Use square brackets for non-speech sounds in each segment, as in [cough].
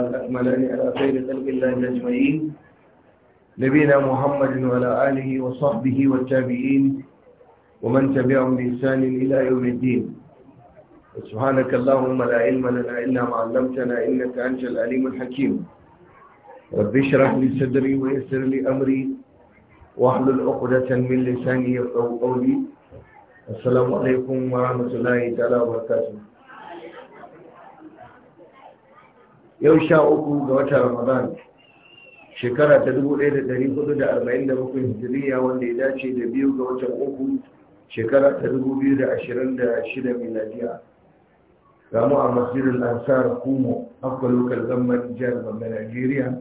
الأكملان على خير خلق الله أجمعين نبينا محمد وعلى آله وصحبه والتابعين ومن تبعهم بإحسان إلى يوم الدين سبحانك اللهم لا علم لنا إلا ما علمتنا إنك أنت العليم الحكيم رب اشرح لي صدري ويسر لي أمري واحلل عقدة من لساني يفقهوا قولي السلام عليكم ورحمة الله تعالى وبركاته yau sha uku ga watan ramadan shekara ta dubu ɗaya da da da ɗari arba'in bakwai hijiriya wanda ya dace da biyu ga watan uku shekara ta dubu biyu da da shida 2026 miladiya ga a masjidin ansar kumo akwai lokal gamban jihar babban nigeria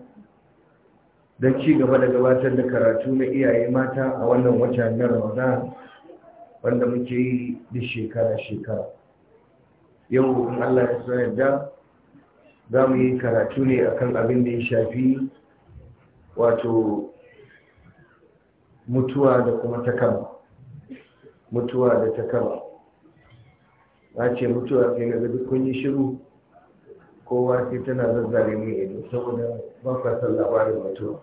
don ci gaba da gabatar da karatu na iyaye mata a wannan wata na ramadan wanda muke yi da shekara-shekara yau in allah ya sa yadda za mu yi karatu ne a kan abin da ya shafi wato mutuwa da kuma takaba mutuwa da takaba na ce mutuwa sai na duk kun yi shiru kowa sai tana zazzare mai ido saboda ba ka san labarin mutuwa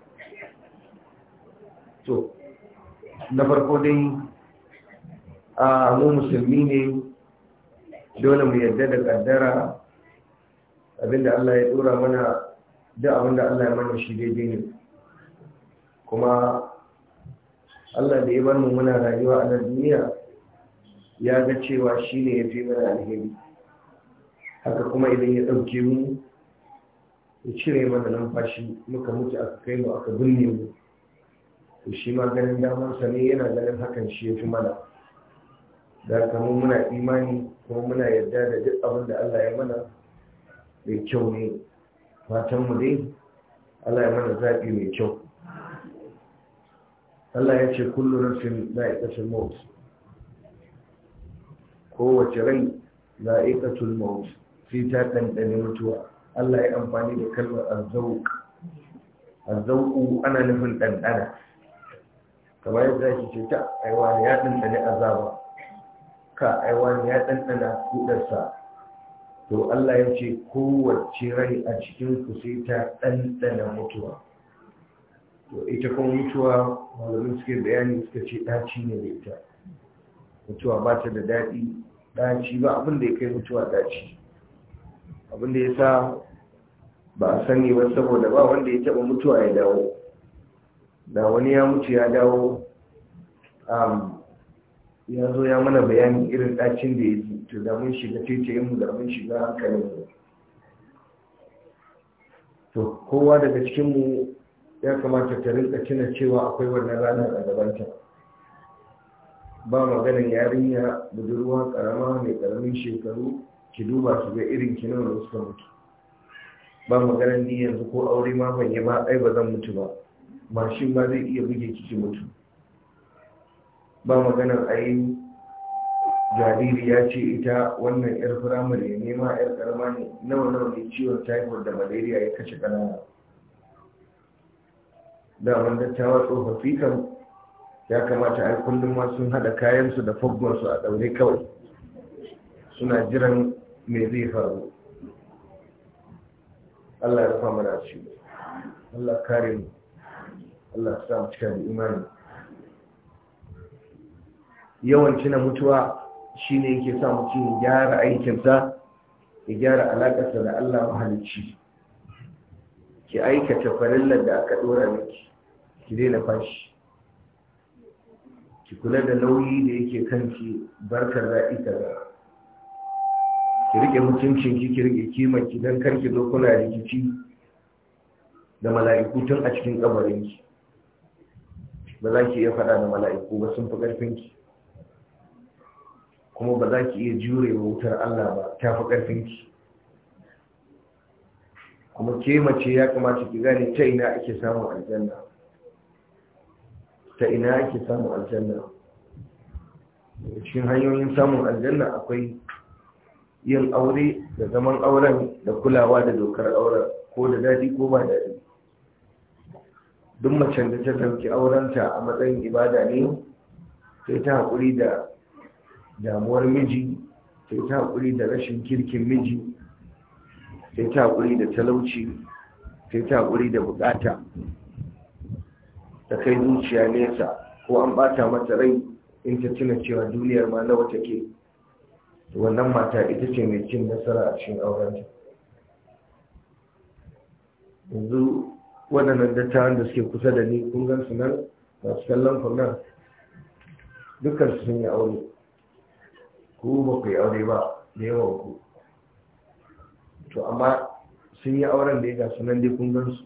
to na farko dai a mu musulmi ne dole mu yadda da kaddara abinda Allah ya dora mana da abinda Allah ya mana shi daidai ne kuma Allah da ya bar mu muna rayuwa a duniya ya ga cewa shi ne ya fi mana alheri haka kuma idan ya ɗauke mu ya cire mana numfashi muka mutu aka kai mu aka binne mu to shi ma ganin damarsa ne yana ganin hakan shi ya fi mana da kamar muna imani kuma muna yarda da duk abin da Allah ya mana mai kyau ne fatan mu dai Allah ya mana zaɓi mai kyau Allah ya ce kullu nafsin za'iqatul maut kowace rai za'iqatul maut sai ta dandane mutuwa Allah ya amfani da kalmar azzauq azzauqu ana nufin ɗanɗana. kamar yadda yake ce ta aiwa ya dandane azaba ka aiwa ya dandana kudarsa to Allah ya ce kowace rai a cikin ku sai ta ɗanɗana mutuwa to ita kuma mutuwa malamin suke bayani suka ce ɗaci ne da ita mutuwa ba ta da daɗi ɗaci ba abin da ya kai mutuwa ɗaci abin da ya sa ba a sani ba saboda ba wanda ya taɓa mutuwa ya dawo da wani ya mutu ya dawo um, ya zo ya mana bayanin irin ɗacin da ya ji to da mun shiga tetayenmu da mun shiga hankalinmu to kowa daga cikinmu ya kamata ta rinka tuna cewa akwai wannan ranar a gabanta ba maganin yarinya budurwa karama mai karamin shekaru ki duba su ga irin kinan da suka mutu ba maganin ni yanzu ko aure ma ban yi ba ai ba zan mutu ba mashin ma zai iya buge ki ki mutu ba maganar a jariri ya ce ita wannan yar firamare ne ma yar karama ne nawa nawa ne ciwon taifoid da malaria ya kashe kanana da wanda tawa tsofaffi kan ya kamata a kullum ma sun hada kayansu da faggonsu a daure kawai suna jiran me zai faru Allah ya rufa mana ciwo Allah kare mu Allah ya sa mu cika da imani yawanci na mutuwa shine yake sa mutum ya gyara aikinsa ya gyara alaƙarsa da Allah mahalicci ki aikata farillar da aka ɗora miki ki daina fashi ki kula da nauyi da yake kanki barkar ita ga. ki rike mutuncinki ki ki rike kimanki ki kar karki zo kuna rikici da mala'iku tun a cikin kabarinki ba za ki iya faɗa da mala'iku ba sun fi ƙarfinki. kuma ba za ki iya jure wa wutar Allah ba ta fi ƙarfinki kuma ke mace ya kamata ki gane ta ina ake samun aljanna ta ina ake samun aljanna cikin hanyoyin samun aljanna akwai yin aure da zaman auren da kulawa da dokar auren ko da daɗi ko ba daɗi duk macen da ta ɗauki aurenta a matsayin ibada ne sai ta haƙuri da damuwar miji sai ta haƙuri da rashin kirkin miji sai ta haƙuri da talauci sai ta haƙuri da bukata ta kai zuciya nesa ko an bata mata rai in ta tuna cewa duniyar ma nawa take wannan mata ita ce mai cin nasara a cikin aurenta yanzu waɗannan dattawan da suke kusa da ni kun gan nan masu kallon kwanar dukkan su sun yi aure ku ba yi aure ba da yawan ku to amma sun yi auren da ya ga sunan dai kun gan su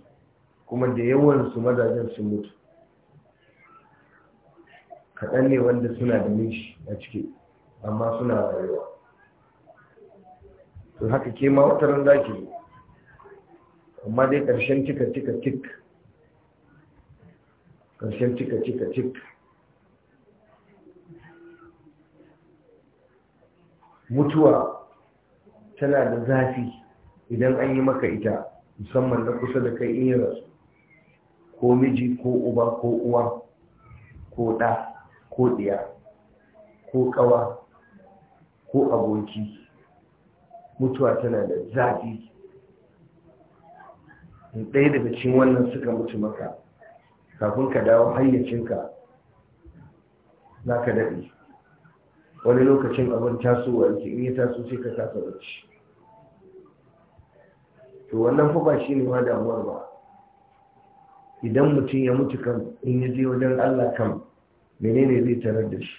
kuma da yawan su mazajen sun mutu kaɗan ne wanda suna da nishi a ciki amma suna rayuwa to haka ke ma wata ran zaki ne amma dai ƙarshen cika cika cik ƙarshen cika cika mutuwa tana da zafi idan an yi maka ita musamman na kusa da kai in rasu ko miji ko uba ko uwa ko ɗa ko ɗiya ko ƙawa ko aboki mutuwa tana da zafi ɗaya daga cikin wannan suka mutu maka kafin ka dawo hayyacinka za ka daɗe wani lokacin abin tasowa yake in yi taso sai ka kasa bacci to wannan fa ba shi ne ma damuwar ba idan mutum ya mutu kan in ya je wajen Allah kan menene zai tarar da shi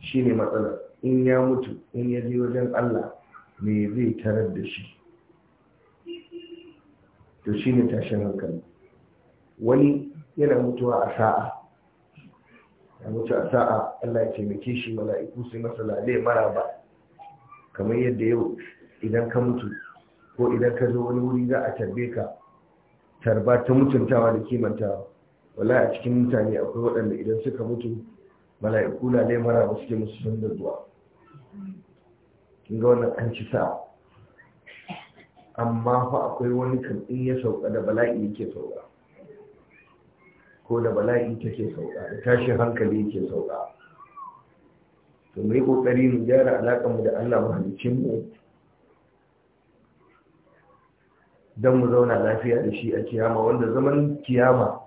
shi ne matsalar in ya mutu in ya je wajen Allah me zai tarar da shi to shi ne tashin hankali wani yana mutuwa a sa'a ya mutu a sa'a Allah ya taimake shi mala'iku sai masa lalai mara ba kamar yadda yau idan ka mutu ko idan ka zo wani wuri za a tarbe ka tarba ta mutuntawa da kimantawa wala a cikin mutane akwai waɗanda idan suka mutu mala'iku lalai mara ba suke musu sun da zuwa kin ga wannan an ci sa'a amma fa akwai wani kan in ya sauka da bala'i yake sauka ko da bala'i take sauka da tashin hankali yake sauka to mai kokari mu gyara alaƙar mu da Allah mahalicin mu don mu zauna lafiya da shi a kiyama wanda zaman kiyama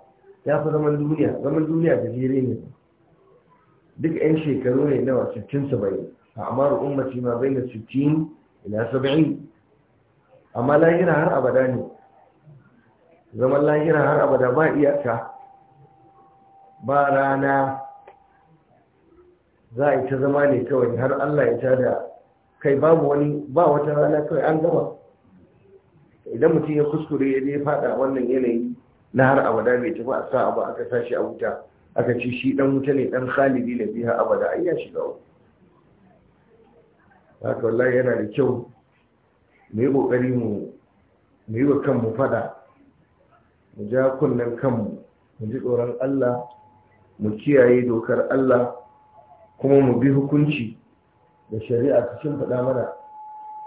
ya fi zaman duniya zaman duniya da jere ne duk 'yan shekaru ne nawa 60-70 a amaru ummaci ma bai na 60 ila 70 amma lahira har abada ne zaman lahira har abada ba iyaka ba rana za a yi ta zama ne kawai har Allah ya tada kai babu wani ba wata rana kawai an gama idan mutum ya kuskure ya je fada wannan yanayi na har abada mai tafi a sa abu aka sashi a wuta aka ci shi dan wuta ne dan khalidi da biya abada ayya shiga wani. haka wallahi yana da kyau mu yi kokari mu mu yi wa kanmu fada mu ja kunnen kanmu mu ji tsoron Allah mu kiyaye dokar Allah kuma mu bi hukunci da shari'a ta cin faɗa mana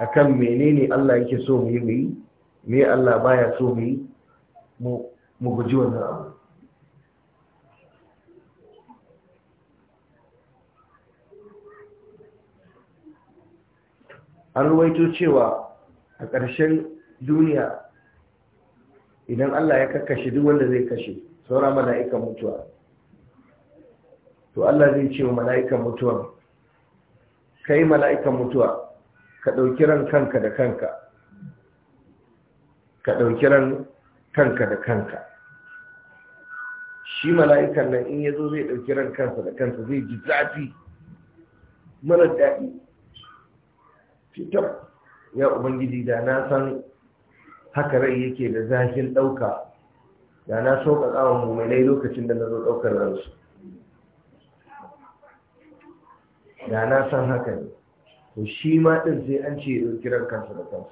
akan menene Allah yake so mu yi mu yi me Allah baya so mu yi mu guji wannan abu an waito cewa a ƙarshen duniya idan Allah ya kakashe duk wanda zai kashe saura mala'ikan mutuwa to Allah zai ce wa mala'ikan mutuwa kai mala'ikan mutuwa ka ɗauki ran kanka da kanka ka ɗauki ran kanka da kanka shi mala'ikan nan in ya zo zai ɗauki ran kansa da kansa zai ji zafi mara daɗi fitar ya ubangiji da na san haka rai yake da zafin ɗauka da na sauƙaƙa wa mummai lokacin da na zo ɗaukar ransu da na san haka ne to shi ma ɗin sai an ce ya kiran kansa da kansa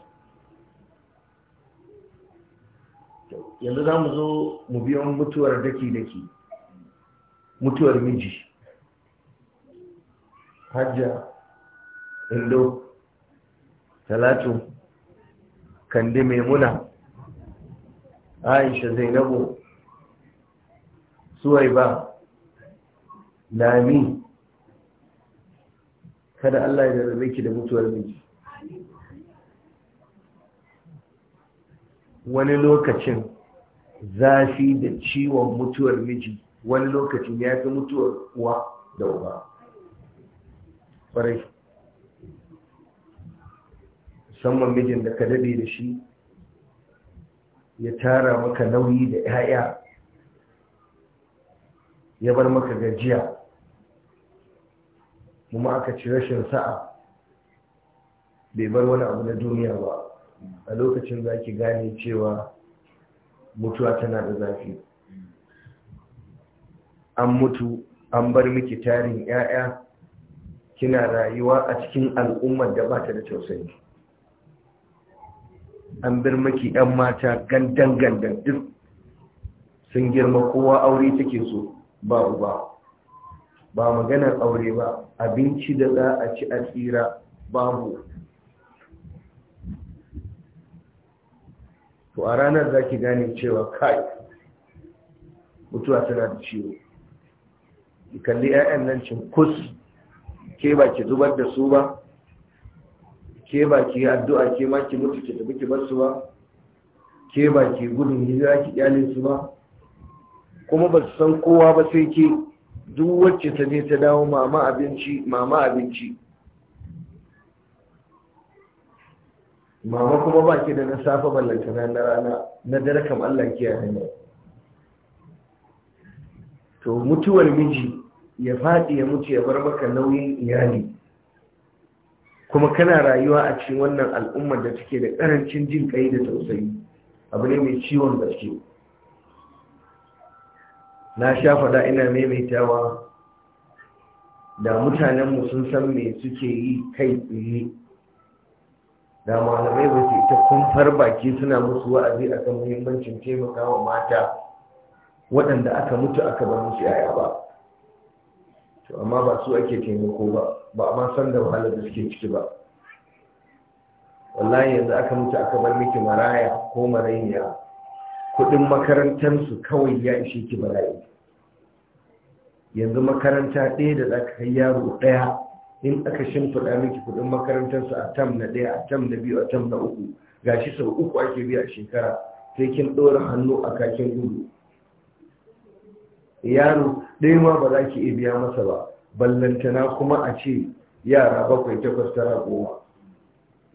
yanzu za mu zo mu biyan mutuwar daki-daki mutuwar miji hajja indo talatu kandi maimuna aisha zainabu ba lami kada Allah ya rarrabe ki da mutuwar miji wani lokacin zafi da ciwon mutuwar miji wani lokacin ya fi mutuwar uwa da uba ƙwarai musamman mijin da ka daɗe da shi ya tara maka nauyi da 'ya'ya ya bar maka gajiya kuma aka ci rashin sa'a bai bar wani abu na duniya ba a lokacin za ki gane cewa mutuwa tana da zafi an mutu an bar miki tarin 'ya'ya kina rayuwa a cikin al'ummar da ba ta da tausayi an bar maki 'yan mata gandan gandan duk sun girma kowa aure take so ba ba ba maganar aure ba abinci da za a ci a tsira babu to a ranar za ki gane cewa kai mutuwa tana da ciwo ki kalli 'ya'yan nan cinkus ke ba ki zubar da su ba ke ba ki addu'a ke ma ki mutu ki tafi ki bar ba ke ba ki gudun hijira ki kyale su ba kuma ba su san kowa ba sai ke duk wacce ta je ta dawo mama abinci mama abinci mama kuma ba ki da na safa ballanta na rana na dare kam Allah ke yana to mutuwar miji ya faɗi ya mutu ya bar maka nauyin iyali kuma kana rayuwa a cikin wannan al'ummar da take da ƙarancin jin kai da tausayi abu ne mai ciwon gaske na sha faɗa ina maimaitawa da mutanenmu sun san me suke yi kai tsaye da malamai ba su ita kumfar baki suna musu wa'azi akan muhimmancin taimaka wa mata waɗanda aka mutu aka bar musu yaya ba to amma ba su ake taimako ba ba a ma san da wahalar da suke ciki ba wallahi yanzu aka mutu aka bar miki maraya ko marayya kudin makarantarsu kawai ya ishe ki bala'i yanzu makaranta ɗaya da za ka kai yaro ɗaya in aka shimfiɗa miki kudin makarantarsu a tam na ɗaya a tam na biyu a tam na uku ga shi sau uku ake biya a shekara sai kin ɗora hannu a kakin gudu yaro ɗaya ma ba za ki iya biya masa ba ballantana kuma a ce yara bakwai takwas tara goma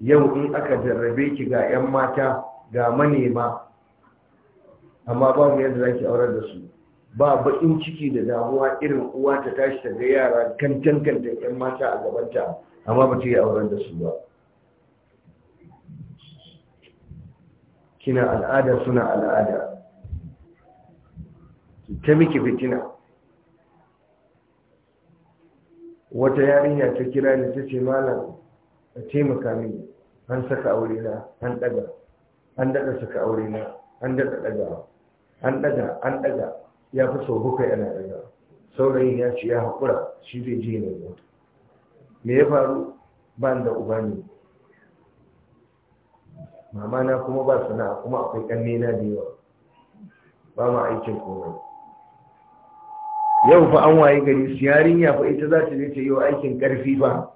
yau in aka jarrabe ki ga 'yan mata ga manema amma babu yadda za ki aurar da su ba baƙin ciki da damuwa irin uwa ta tashi ta ga yara kantan kantan ƴan mata a gabanta amma ba ta yi auren da su ba kina al'ada suna al'ada ta miki fitina wata yarinya ta kira ni ta ce malam a taimaka mini an saka aure na an daga an daga saka aure na an daga dagawa an daga an daga ya fi sau bakwai ana daga saurayin ya ce ya haƙura shi zai je ne mota me ya faru ba da uba ne mama na kuma ba sana'a kuma akwai ƙanne na da yawa ba ma aikin komai yau fa an waye gari su yarinya fa ita za ta je ta yi wa aikin ƙarfi ba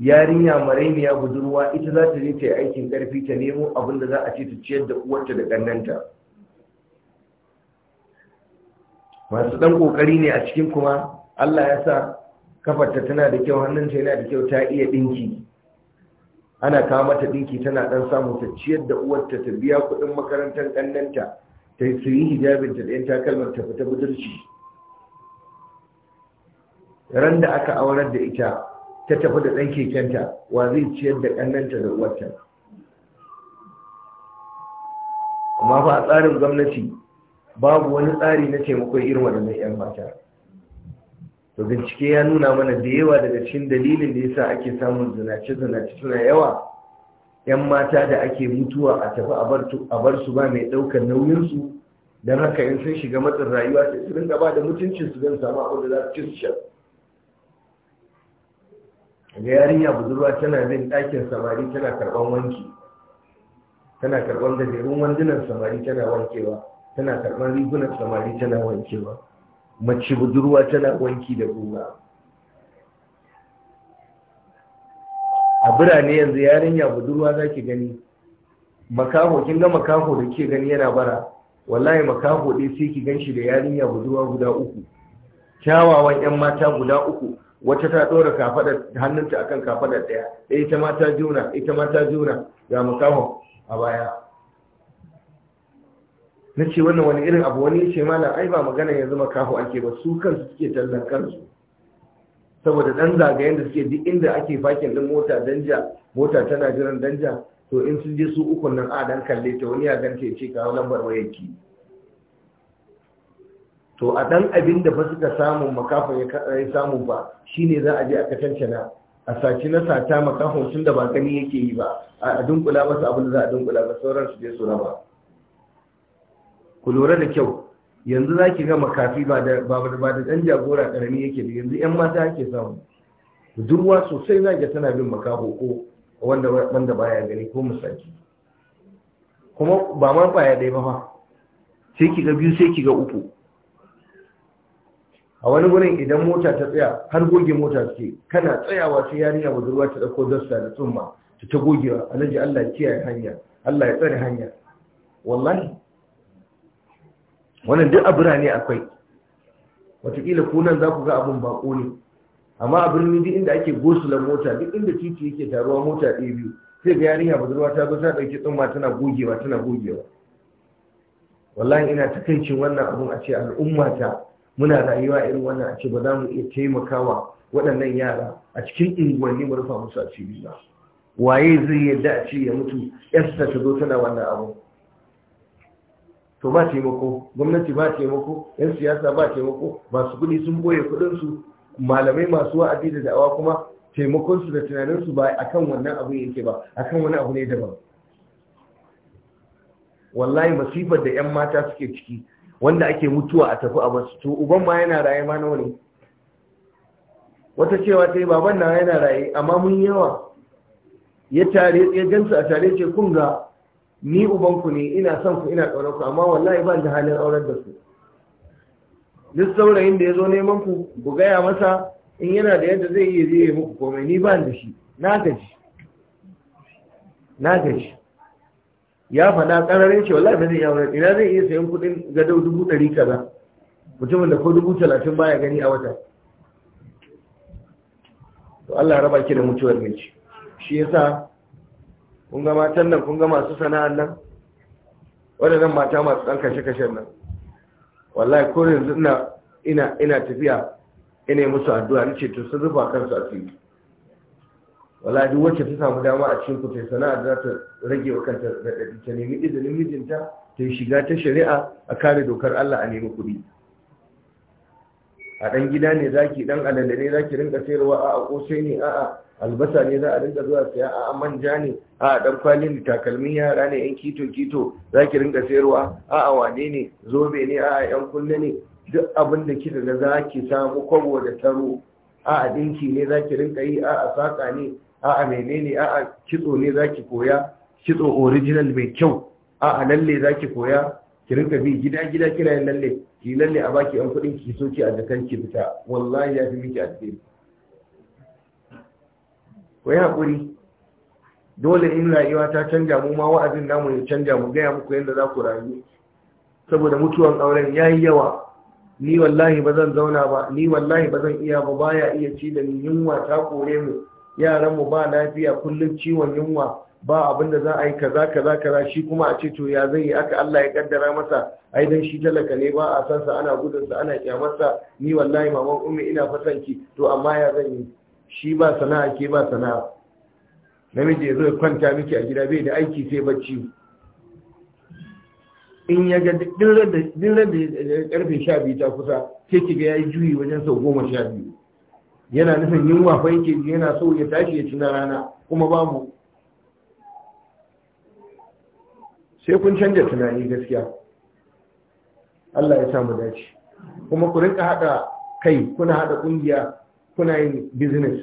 yarinya maraimiya budurwa ita za ta je ta yi aikin ƙarfi ta nemo abin da za a ce ta ciyar da uwarta da ƙannanta masu ɗan ƙoƙari ne a cikin kuma Allah ya sa kafarta tana da kyau hannunta yana da kyau ta iya ɗinki ana kawo mata ɗinki tana ɗan samu ta ciyar da uwarta ta biya kuɗin makarantar ƙannanta ta su yi hijabinta da 'yan takalmar ta fita budurci ran da aka aurar da ita ta tafi da ɗan kekenta wa zai ciyar da ƙannanta da uwarta amma fa a tsarin gwamnati babu wani tsari na taimakon irin waɗannan 'yan mata to bincike ya nuna mana da yawa daga cikin dalilin da yasa ake samun zinace-zinace suna yawa 'yan mata da ake mutuwa a tafi a bar su ba mai ɗaukar nauyinsu don haka in sun shiga matsin rayuwa sai su rinka ba da mutuncin su don samu abin da za su ci su shan ga yarinya budurwa tana bin ɗakin samari tana karɓan wanki tana karɓan jerun wandunan samari tana wankewa tana karɓar rigunan samari tana wankewa mace budurwa tana wanki da goma. a birane yanzu yarinya budurwa za ki gani makaho kin ga makaho da ke gani yana bara wallahi makaho dai sai ki gan shi da yarinya budurwa guda uku kyawawan 'yan mata guda uku wata ta ɗora kafaɗar hannunta akan kafaɗar ɗaya ita ta juna ita mata juna ga makaho a baya na ce wannan wani irin abu wani ce malam ai ba magana ya zama kafu ake ba su kansu suke tallan kansu saboda dan zagayen da suke duk inda ake fakin din mota danja mota tana jiran danja to in sun je su ukun nan a dan kalle ta wani ya ganta ya ce kawo lambar wayarki to a dan abin da ba suka samu makafa ya samu ba shine za a je a katance na a saci na sata makafa tun da ba gani yake yi ba a dunkula masa abin da za a dunkula ba sauran su je su raba ku lura da kyau yanzu za ki ga makafi ba da ɗan jagora ƙarami yake da yanzu 'yan mata ake samu budurwa sosai za ga tana bin makaho ko wanda wanda baya gani ko misali kuma ba ma kwaya ɗaya ba ba sai ki ga biyu sai ki ga uku a wani wurin idan mota ta tsaya har goge mota suke kana tsayawa sai yarinya budurwa ta ɗauko zasta da tsumma ta ta gogewa alaji Allah ya kiyaye hanya Allah ya tsare hanya wallahi wannan duk a birane akwai watakila kunan za ku ga abin bako ne amma a birni duk inda ake gosulan mota duk inda titi yake taruwa mota ɗaya biyu sai ga yarinya budurwa ta zo ta ɗauki tsumma tana gogewa tana gogewa wallahi ina takaicin wannan abun a ce ta muna rayuwa irin wannan a ce ba za mu iya taimakawa waɗannan yara a cikin unguwanni mu rufa musu a ba waye zai yadda a ce ya mutu yarsa ta zo tana wannan abun. to ba taimako gwamnati ba taimako yan siyasa ba taimako masu kuɗi sun boye kuɗinsu malamai masu wa'azi da da'awa kuma taimakonsu da tunaninsu ba akan wannan abu yake ba akan wani abu ne daban wallahi masifar da 'yan mata suke ciki wanda ake mutuwa a tafi a basu to uban ma yana raye ma nawa ne wata cewa ta yi baban na yana raye amma mun yawa ya tare ya gansu a tare ce kun ga ni ubanku ne ina son ku ina ƙaunar ku amma wallahi ban da halin aurar da su duk saurayin da ya zo neman ku ku gaya masa in yana da yadda zai iya zai muku komai ni ban da shi na gaji na gaji ya faɗa ƙararin shi wallahi ba zai iya aure. ina zai iya sayan kuɗin gadau dubu ɗari kaza mutumin da ko dubu talatin baya gani a wata to Allah raba ki da mutuwar mace shi yasa kun ga matan nan kun ga masu sana'an nan waɗannan mata masu ɗan kashe-kashen nan wallahi ko yanzu ina ina ina tafiya ina musu addu'a ni ce to sun rufa kansu a asiri wallahi duk wacce ta samu dama a cikin kutai sana'a za ta rage wa kanta da ta nemi izinin mijinta ta shiga ta shari'a a kare dokar Allah a nemi kuɗi a ɗan gida ne za ki ɗan alanda ne Za ki rinka sayarwa a'a kosai ne a'a albasa ne za a rinka zuwa saya A manja ne a'a ɗan kwalin da takalmin yara ne yan kito kito ki rinka sayarwa a'a wane ne zobe ne a'a yan kulle ne duk abin da daga za ki samu kwabo da taro a'a dinki ne za ki rinka yi a'a saƙa ne a'a menene a'a kitso ne za ki koya kitso original mai kyau a'a lalle za ki koya ki rinka bi gida gida kira yin lalle ki lalle a baki yan kuɗin ki soki a jikan ki fita wallahi ya fi miki addini ko ya haƙuri dole in rayuwa ta canja mu ma wa'azin namu ya canja mu gaya muku yadda za ku rayu saboda mutuwan auren ya yi yawa ni wallahi ba zan zauna ba ni wallahi ba zan iya ba baya iya ci da ni yunwa ta kore mu yaran mu ba lafiya kullum ciwon yunwa ba abin da za a yi kaza kaza kaza shi kuma a ce to ya zai yi aka Allah ya kaddara masa ai dan shi talaka ne ba a san sa ana gudun sa ana kyamarsa ni wallahi maman ummi ina fatan ki to amma ya zan yi shi ba sana'a ke ba sana'a namiji ya zo kwanta miki a gida bai da aiki sai bacci in ya ga din ran da karfe 12 ta kusa sai ki ga yayi juyi wajen sau 12 yana nufin yunwa fa yake yana so ya tashi ya ci na rana kuma babu sai kun canja tunani gaskiya Allah ya samu dace kuma ku rinka haɗa kai kuna haɗa ƙungiya kuna yin business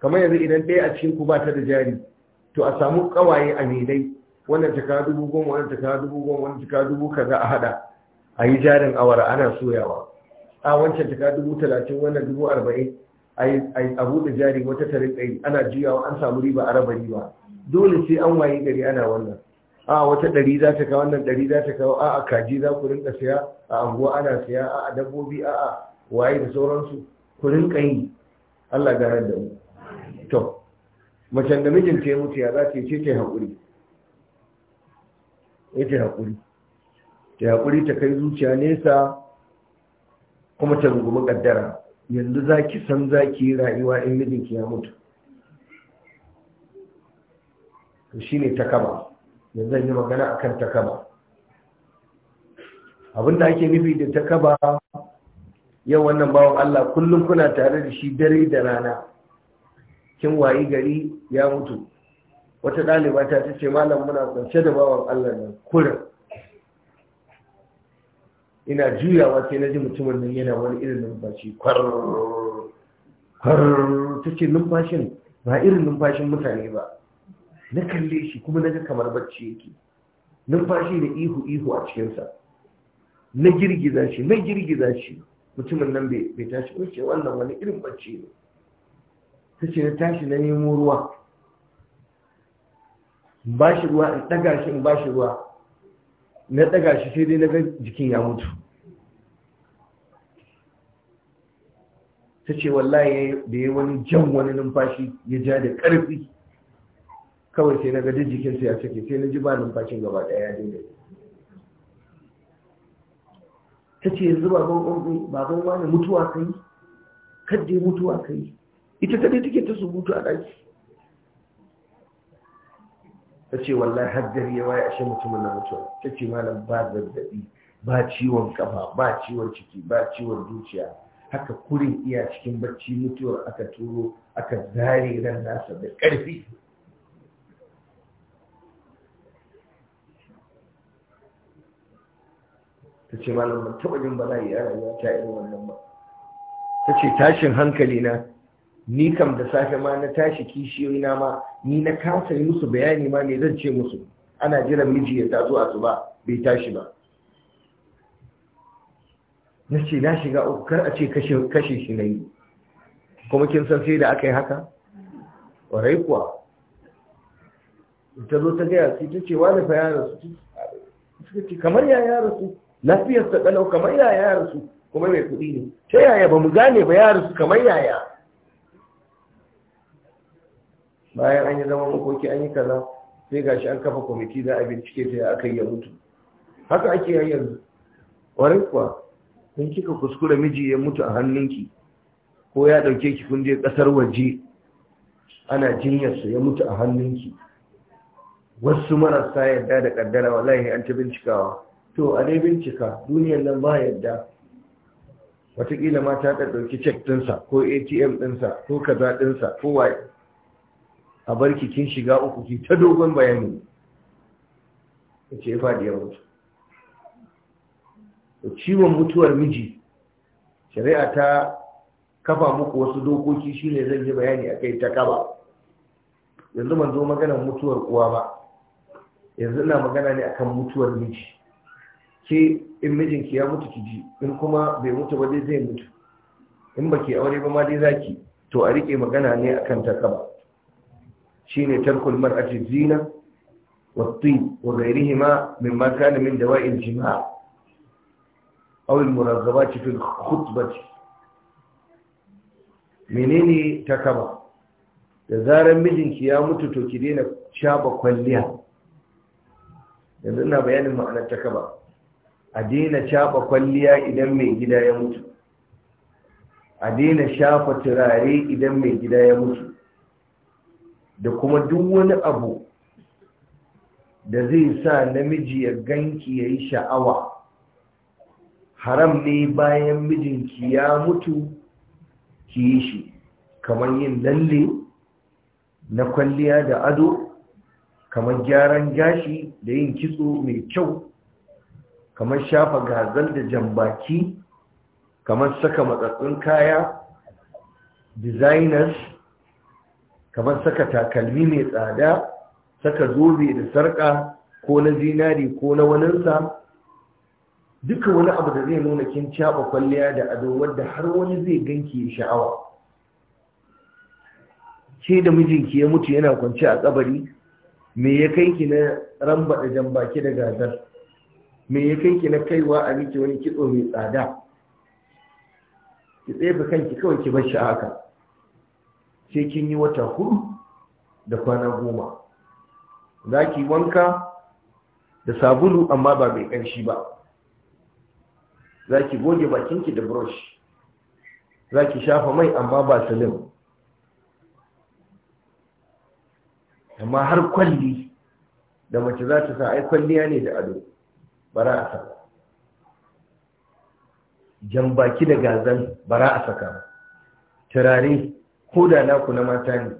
kamar yanzu idan ɗaya a cikin ku ba ta da jari to a samu ƙawaye a milai wannan ta kawo dubu goma wannan ta kawo dubu goma wannan ta kawo dubu kaza a haɗa a yi jarin awara ana soyawa a wancan ta kawo dubu talatin wannan dubu arba'in a buɗe jari wata ta rinƙa ana juyawa an samu riba a raba riba dole sai an waye gari ana wannan a wata ɗari za ta kawo wannan ɗari za ta kawo a kaji za ku rinka siya a anguwa ana siya a dabbobi a a waye da sauransu ku rinka yi Allah ganar da mu to macen da mijinta ya mutu ya za ta ce ta yi haƙuri ya ta haƙuri ta haƙuri ta kai zuciya nesa kuma ta rungumi ƙaddara yanzu za ki san za ki yi rayuwa in mijinki ya mutu shi shine ta kama. yanzu zan yi magana akan takaba abinda ake nufi da takaba yau wannan bawan Allah kullum kuna tare da shi dare da rana kin wayi gari ya mutu wata ɗaliba ta ce malam muna kwance da bawan Allah nan kurin ina juyawa sai na ji mutumin nan yana wani irin numfashi kwarar ta ce numfashin ba irin numfashin mutane ba na kalle shi kuma na ga kamar bacci yake numfashi da ihu ihu a cikinsa na girgiza shi na girgiza shi mutumin nan bai tashi ko ce wannan wani irin bacci ne ta ce na tashi na nemo ruwa in ba shi ruwa in ɗaga shi in ba shi ruwa na ɗaga shi sai dai na ga jikin ya mutu ta ce wallahi da ya wani jan wani numfashi ya ja da ƙarfi kawai sai na ga duk jikinsa ya sake sai na ji ba numfashin gaba ɗaya ya daina ta ce yanzu baban ƙwanƙwai baban wani mutuwa ka yi kadde mutuwa ka yi ita kadai take ta mutu a ɗaki ta ce wallahi haddari ya waye ashe mutumin na mutuwa ta ce malam ba zazzaɓi ba ciwon kafa ba ciwon ciki ba ciwon zuciya haka kurin iya cikin bacci mutuwar aka turo aka zare ran nasa da ƙarfi ta ce malam ban taba jin bala'i a rayuwa ta irin wannan ba ta ce tashin hankali na ni kam da safe ma na tashi kishiyoyi na ma ni na kasa yi musu bayani ma ne zan ce musu ana jiran miji ya taso a zuba bai tashi ba na ce na shiga uku kar a ce kashe shi na yi kuma kin san sai da aka yi haka ƙwarai kuwa ta zo ta gaya su ta ce wani fa ya rasu ce kamar ya ya rasu lafiyarsa ɗalau kamar yaya ya rasu kuma mai kuɗi ne ta yaya ba mu gane ba ya rasu kamar yaya bayan an yi zama makoki an yi kaza sai gashi an kafa kwamiti za a bincike sai aka yi ya mutu haka ake yi yanzu warin kuwa sun kika kuskura miji ya mutu a hannunki ko ya ɗauke ki kun je ƙasar waje ana jinyarsa ya mutu a hannunki wasu marasa yadda da ƙaddara wallahi an ta bincikawa to a dai bincika duniyar nan ba yadda watakila ma ta ɗauki cek ɗinsa ko atm ɗinsa ko kaza ɗinsa ko wai a barki kin shiga uku ki ta dogon bayani ya ce faɗi ya mutu ciwon mutuwar miji shari'a ta kafa muku wasu dokoki shine zan yi bayani a kai ta kaba yanzu ban zo maganar mutuwar kuwa ba yanzu ina magana ne akan mutuwar miji ke in mijinki ya mutu ki ji in kuma bai mutu ba dai zai mutu in baki aure ba ma dai zaki to a rike magana ne akan takaba shine tarkul mar'ati zina والطين وغيرهما مما كان jima aw al أو fi al-khutbah menene ta kaba da zarar mijinki ya mutu to ki daina shaba kwalliya yanzu ina bayanin ma'anar ta kaba a daina shafa kwalliya idan mai gida ya mutu a daina shafa turare idan mai gida ya mutu da kuma duk wani abu da zai sa namiji ya ganki ya yi sha'awa haram ne bayan mijinki ya mutu ki yi shi kamar yin lalle na kwalliya da ado kamar gyaran gashi da yin kitso mai kyau kamar shafa gazal da jambaki kamar saka matsatsun kaya designers kamar saka takalmi mai tsada saka zobe da sarka ko na zinari ko na waninsa duka wani abu da zai nuna kin caɓa kwalliya da ado wadda har wani zai ganki sha'awa ke da mijinki ya mutu yana kwance a tsabari me ya kai ki na ramba da jambaki da gazal? me ya kai ki na kaiwa a miki wani kitso mai tsada ki tsefe kanki kawai ki bar shi haka sai kin yi wata hudu da kwana goma za ki wanka da sabulu amma ba mai ƙanshi ba za ki goge bakinki da brush za ki shafa mai amma ba salim amma har kwalli da mace za ta sa ai kwalliya ne da ado bara a saka Jan baki da gazan bara a saka turare ko da naku na mata ne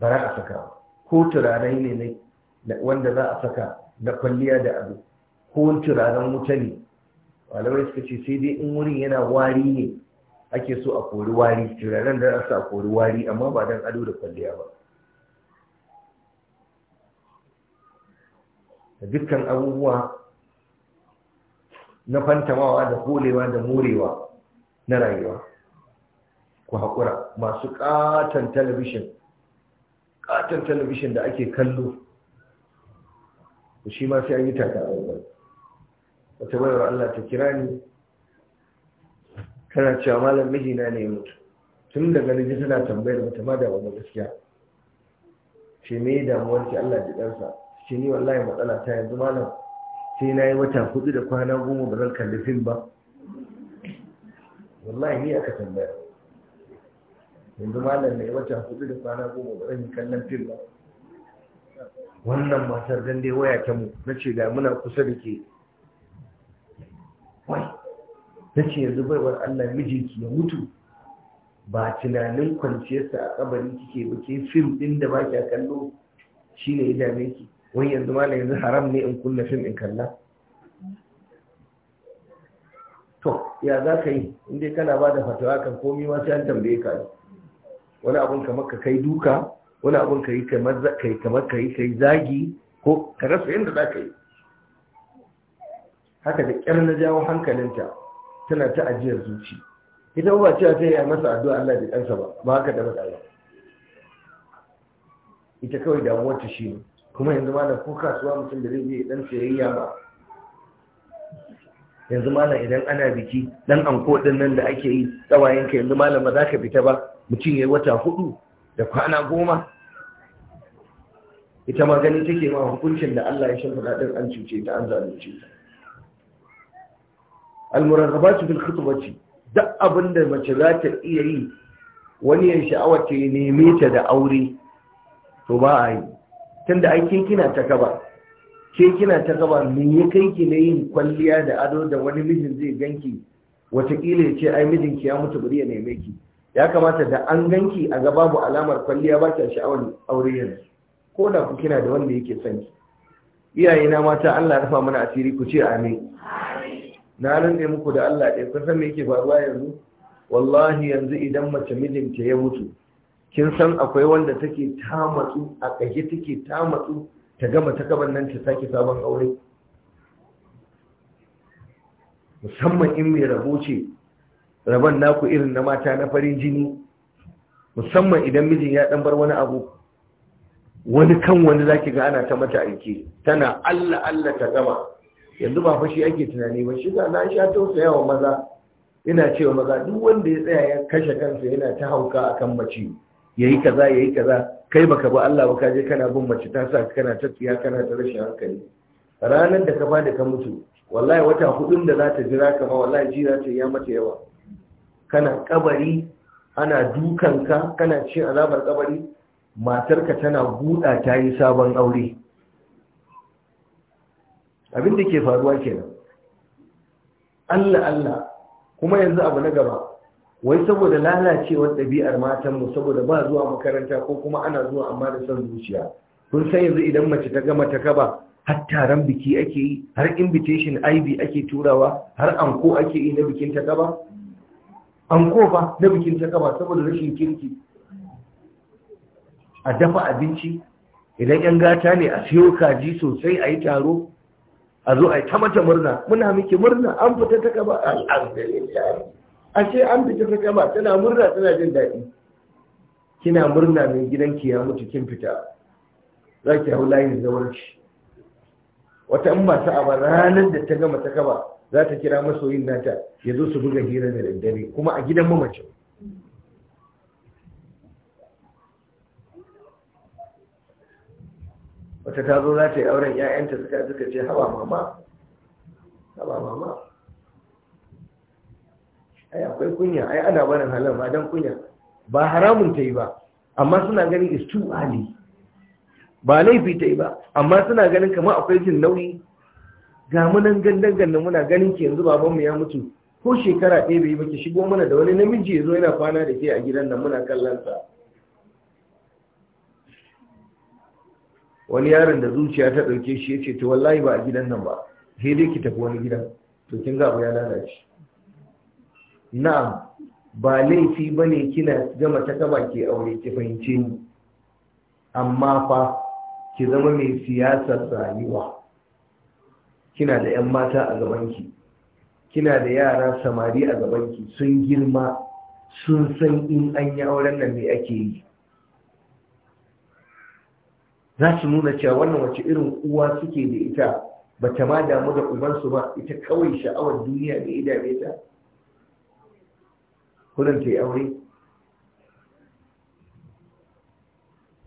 bara a saka ko turare ne wanda za a saka na kwalliya da abu ko turaren wuta ne malamai suka ce sai dai in wurin yana wari ne ake so a kori wari turaren da za su a kori wari amma ba don ado da kwalliya ba dukkan abubuwa na fantamawa da kulewa da morewa na rayuwa ku haƙura masu ƙaton talabishin ƙaton talabishin da ake kallo shi ma sai an yi taka a wata bayar Allah ta kira ni Kana cewa malam mijina ne ya mutu tun daga naji tana tambayar mata ma da wani gaskiya shi me damuwar ki Allah ji ɗansa shi ni wallahi matsala ta yanzu malam sai na yi wata hudu da kwana goma ba zan kalli fim ba wallahi ni aka tambaya yanzu malam na yi wata hudu da kwana goma ba zan yi kallon fim ba wannan matar dan dai waya ta mu na ce da muna kusa da ke wai na ce yanzu baiwar allah mijinki ya mutu ba tunanin kwanciyarsa a kabarin kike ba ke fim din da ba kya kallo ne ya dame ki wai yanzu ma yanzu haram ne in kulle fim in kalla to ya za ka yi inda kana ba da fatawa kan komi ma sai an tambaye ka wani abun kamar ka kai duka wani abun ka yi kamar ka yi kai zagi ko ka rasa yadda za ka yi haka da ƙyar na jawo hankalinta tana ta ajiyar zuci ita ba cewa ta yi masa addu'a Allah da kansa ba ba haka da matsala ita kawai damuwar ta shi ne kuma yanzu malam ko kasuwa mutum da zai je dan siyayya ba yanzu malam idan ana biki dan anko din nan da ake yi tsawayen ka yanzu malam ba za ka fita ba mutum yayi wata hudu da kwana goma ita ma gani take ma hukuncin da Allah ya shafa din an cuce ta an zalunce ta almurarrabatu bil khutbati duk abinda mace za ta iya yi wani ya sha'awa ta neme ta da aure to ba a yi tunda ai ke kina ta gaba, ke ta gaba me ya kai ki na yin kwalliya da ado da wani mijin zai ganki wataƙila ya ce ai mijinki ya mutu bari ya neme ki ya kamata da an ganki a ga babu alamar kwalliya ba ta sha'awar aure yanzu ko da ku kina da wanda yake son ki iyaye na mata Allah ya rufa mana asiri ku ce amin na rinde muku da Allah ɗaya kusan me yake faruwa yanzu wallahi yanzu idan mace mijinta ya mutu kin san akwai wanda take ta matsu a ƙage take ta matsu ta gama ta gaban nan ta sake sabon aure musamman in mai rabo ce rabon naku irin na mata na farin jini musamman idan mijin ya ɗan bar wani abu wani kan wani zaki ga ana ta mata aiki tana Allah Allah ta gama yanzu ba fashi ake tunani ba shi na sha tausayawa maza ina cewa maza duk wanda ya tsaya ya kashe kansa yana ta hauka akan mace yayi kaza yayi kaza kai baka ba Allah ba ka kana bin mace ta sa kana tafiya kana ta rashin hankali ranar da ka fada ka mutu wallahi wata hudun da za ta jira ka ma wallahi jira ta ya mata yawa kana kabari ana dukanka kana cin azabar kabari matarka tana buɗa ta yi sabon aure abin da ke faruwa kenan Allah Allah kuma yanzu abu na gaba wai saboda lalacewar ɗabi'ar matanmu saboda ba zuwa makaranta ko kuma ana zuwa amma da son zuciya kun san yanzu idan mace ta gama ta kaba har taron biki ake yi har invitation ib ake turawa har anko ake yi na bikin ta kaba anko ba na bikin ta kaba saboda rashin kirki a dafa abinci idan yan gata ne a siyo kaji sosai a yi taro a zo a yi ta mata murna muna miki murna an fita ta kaba alhamdulillah ashe an fita ta kama tana murna tana jin daɗi kina murna mai gidan ki ya mutu kin fita za ki hau layin zawarci wata in ba ta a ranar da ta gama ta kama za ta kira masoyin nata ya zo su buga hira da daddare kuma a gidan mamacin wata ta zo za ta yi auren 'ya'yanta suka suka ce hawa mama hawa mama ai akwai kunya ai ana barin halal ba dan kunya ba haramun ta ba amma suna ganin is too early ba laifi ta ba amma suna ganin kamar akwai jin nauyi ga mu nan gandan gandan muna ganin ki yanzu baban mu ya mutu ko shekara ɗaya bai yi baki shigo mana da wani namiji ya zo yana kwana da ke a gidan nan muna kallon sa wani yaron da zuciya ta ɗauke shi ya ce to wallahi ba a gidan nan ba sai dai ki tafi wani gidan to kin ga abu ya lalace na'am ba laifi ba ne kina gama ta kaba ke aure ki fahimce ni amma fa ki zama mai siyasar rayuwa kina da 'yan mata a gabanki kina da yara samari a gabanki sun girma sun san in an yi auren nan me ake yi za su nuna cewa wannan wace irin uwa suke da ita ba ta ma damu da ubansu ba ita kawai sha'awar duniya da idame ta kurin ta yi aure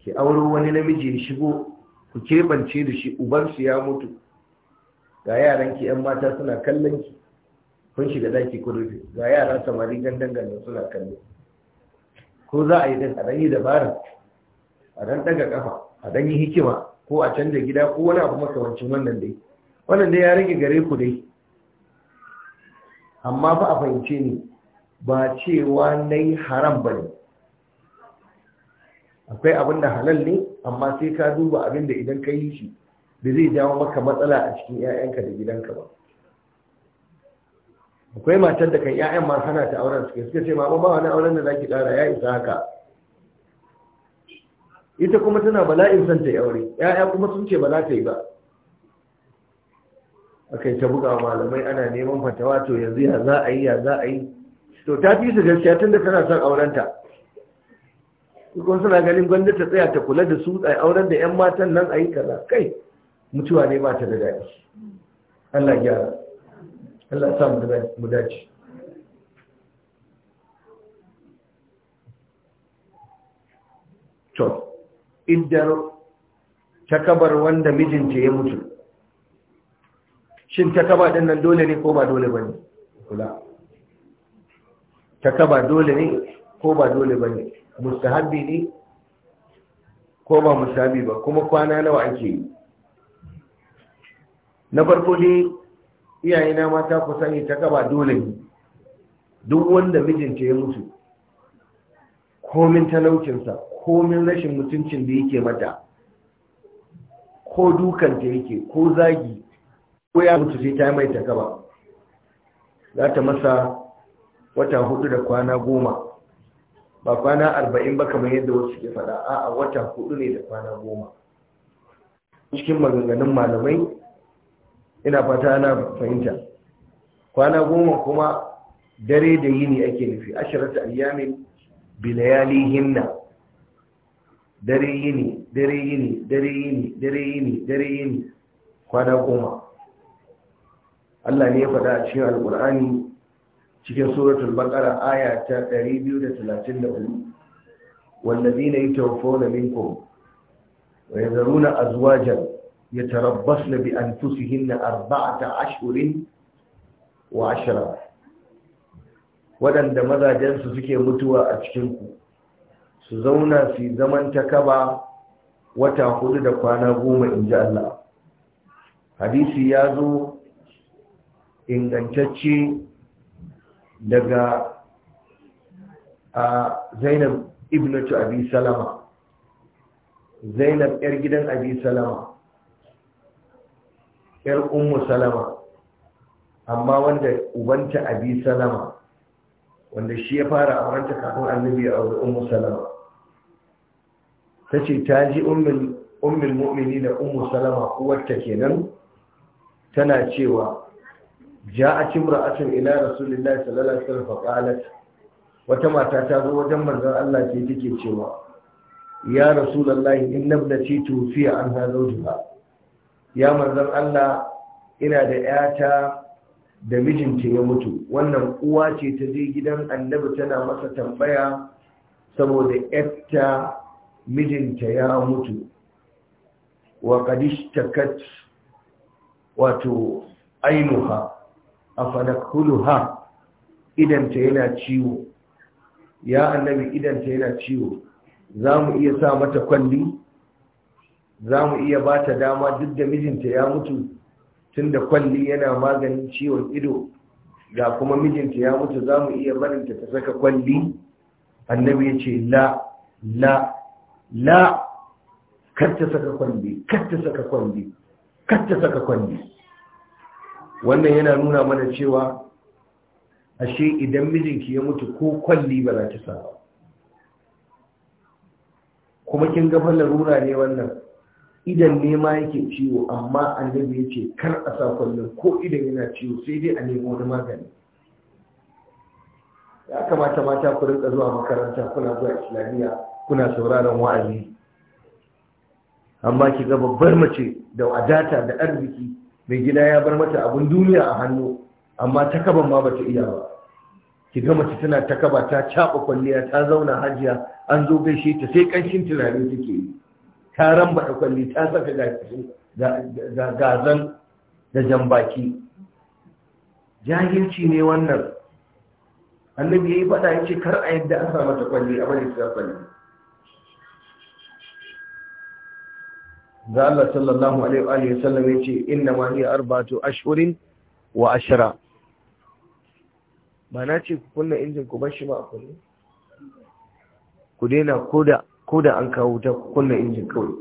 ki auro wani namiji ya shigo ku keɓance da shi ubansu ya mutu ga yaranki 'yan mata suna kallon ki kun shiga daki ku rufe ga yara samari gan dangane suna kallon ko za a yi din a dan yi dabara a dan daga kafa a dan yi hikima ko a canza gida ko wani abu makamancin wannan dai wannan dai ya rage gare ku dai amma fa a fahimce ni ba cewa na yi haram ba ne akwai abin da halal ne amma sai ka duba abin da idan ka yi shi da zai jawo maka matsala a cikin 'ya'yanka da gidanka ba akwai matar da kan 'ya'yan ma hana ta auren suke suka ce mama wani auren da zaki ƙara ya isa haka ita kuma tana bala'in son ta yi aure 'ya'ya kuma sun ce ba ta yi ba akai ta buga malamai ana neman fatawa to yanzu ya za a yi ya za a yi to ta fi su gaskiya da tana son aurenta kun suna ganin gwamnati ta tsaya ta kula da su a auren da yan matan nan a yi kaza kai mutuwa ne ba ta da daɗi Allah gyara Allah sa mu dace to ta takabar wanda mijinta ya mutu shin takaba din nan dole ne ko ba dole bane kula ta ba dole ne ko ba dole ba ne mustahabi ne ko ba mustahabi ba kuma kwana nawa ake yi na farko dai iyayena mata ku sani ta ba dole ne duk wanda mijinta ya mutu komin talaucinsa komin rashin mutuncin da yake mata ko dukanta yake ko zagi ko ya mutu sai ta yi mai takaba za ta masa wata hudu da kwana goma ba kwana arba'in ba kamar yadda wasu ke faɗa a wata hudu ne da kwana goma cikin maganganun malamai ina fata ana fahimta kwana goma kuma dare da yini ake nufi ashirata ayyamin bilayali hinna dare yini dare yini dare yini dare yini dare yini kwana goma Allah ne ya faɗa a cikin alkur'ani cikin suratul baqara aya ta 234 والذين يتوفون منكم ويذرون أزواجا يتربصن بأنفسهن أربعة أشهر وعشرة waɗanda mazajensu suke mutuwa a cikinku su zauna su zaman ta kaba wata hudu da kwana goma in ji Allah hadisi ya zo ingantacce daga zainab ibnatu abi salama zainab yar gidan abi salama yar ummu salama amma wanda ubanta abi salama wanda shi ya fara aurenta kafin annabi ya auri ummu salama tace ta ji ummul ummul mu'mini da ummu salama uwarta kenan tana cewa ja'at imra'atun ila rasulillahi sallallahu alaihi wasallam faqalat wata mata ta zo wajen manzon Allah ce take cewa ya rasulullahi inna ibnati tufiya an hazawjuha ya manzon Allah ina da yata da mijinta ya mutu wannan uwa ce ta je gidan annabi tana masa tambaya saboda yatta mijinta ya mutu wa qadishtakat wato ainuha afadakhuluha ha ta yana ciwo ya annabi idan yana ciwo za mu iya sa mata kwalli za mu iya bata dama duk da mijinta ya mutu Tunda kwalli yana maganin ciwon ido ga kuma mijinta ya mutu za mu iya barinta ta saka kwalli annabi ya ce la la la kar ta saka kwalli kar ta saka kwalli kar ta saka kwalli wannan yana nuna mana cewa ashe idan mijinki ya mutu ko kwalli ba za ta sa kuma kin ga fallar ne wannan idan nema ma yake ciwo amma annabi ya ce kar a sa kwallon ko idan yana ciwo sai dai a nemo wani magani ya kamata mata ku rinka zuwa makaranta kuna zuwa islamiyya kuna sauraron wa'azi amma ki ga babbar mace da wadata da arziki mai gida ya bar mata abin duniya a hannu amma takaban ma bata iya ba ki ga mace tana takaba ta caba kwalliya ta zauna hajiya an zo gaishe ta sai kanshin tunani take yi ta ramba da kwalli ta saka gazan da jambaki jahilci ne wannan annabi ya yi faɗa ya ce kar a yadda an sa mata kwalli a bari ta kwalli da Allah sallallahu alaihi wa sallam ya ce inna ma hiya arba'atu ashhurin wa ashira. ba na ce ku kunna injin ku bar shi ba a ne ku daina koda koda an kawo ta ku kunna injin kawai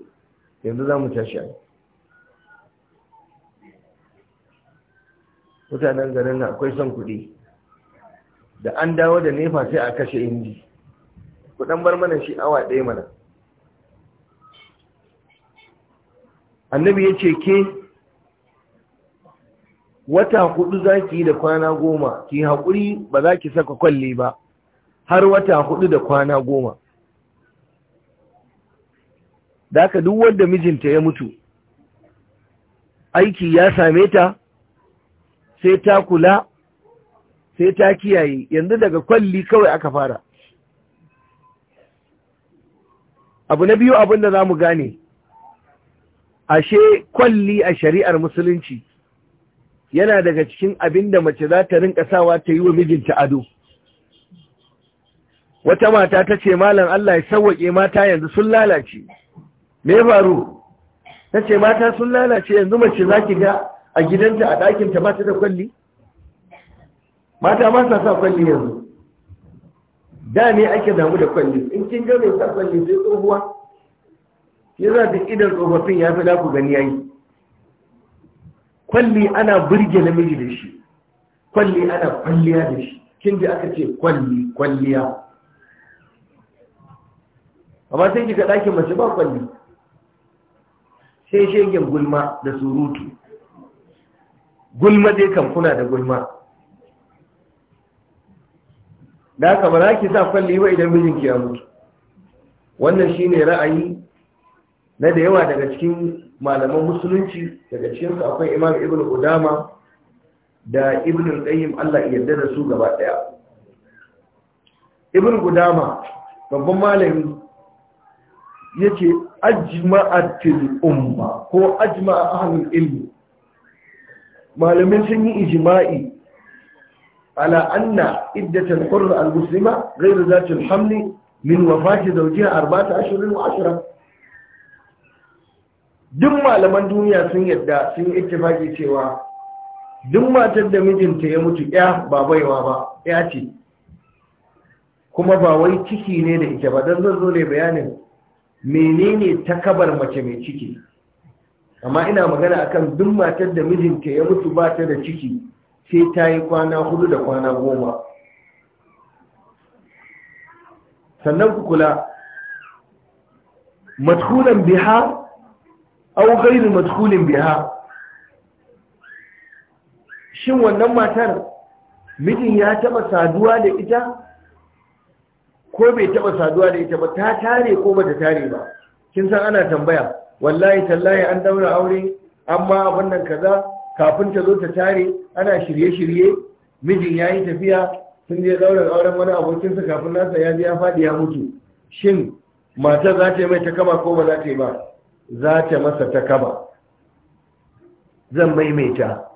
yanzu za mu tashi a mutanen garin na akwai son kuɗi da an dawo da nefa sai a kashe inji ku dan bar mana shi awa ɗaya mana annabi ya ce ke wata hudu za ki yi da kwana goma ki haƙuri ba za ki saka kwalli ba har wata hudu da kwana goma da aka duk wanda mijinta ya mutu aiki ya same ta sai ta kula sai ta kiyaye yanzu daga kwalli kawai aka fara abu na biyu abinda za mu gane ashe kwalli a shari'ar musulunci yana daga cikin abin da mace za ta rinka sawa ta yi wa mijinta ado wata mata ta ce malam Allah ya sauwaƙe mata yanzu sun lalace me faru ta ce mata sun lalace yanzu mace za ki ga a gidanta a ɗakinta ba ta da kwalli mata ba sa sa kwalli yanzu da ne ake damu da kwalli in kin ga mai sa kwalli sai tsohuwa ya za ta idan tsofaffin ya fi ku gani yi kwalli ana na namiji da shi kwalli ana kwalliya da shi kin ji aka ce kwalli kwalliya amma sai kika ɗakin mace ba kwalli sai shegen gulma da surutu gulma dai kan kuna da gulma da aka ba za ki sa kwalli ba idan mijinki ya mutu wannan shine ra'ayi na da yawa daga cikin malaman musulunci daga su akwai imam ibn Qudama da ibn al-qayyim Allah ya yarda da su gaba daya ibn Qudama babban malami yace ajma'atul umma ko ajma'a ahlul ilm malamin sun yi ijma'i ala anna iddatul hurr al-muslima ghayr zati al-hamli min wafati zawjiha 14 wa 10 duk malaman duniya sun yadda sun yi ittifaki cewa duk matar da mijinta ya mutu ya ba baiwa ba ya ce kuma ba wai ciki ne da ita ba don zan zo ne bayanin menene ta kabar mace mai ciki amma ina magana akan duk matar da mijinta ya mutu ba ta da ciki sai ta yi kwana hudu da kwana goma sannan ku kula matkulan biha au gairu madkhulin biha shin wannan matar mijin ya taba saduwa da ita ko bai taba saduwa da ita ba ta tare ko ba ta tare ba kin san ana tambaya wallahi tallahi an daura aure amma abin nan kaza kafin ta zo ta tare ana shirye-shirye mijin ya yi tafiya sun je ɗaurin auren wani abokinsa kafin nasa ya ji ya faɗi ya mutu shin matar za ta yi mai ta kama ko ba za ta yi ba za ta masa ta kaba zan maimaita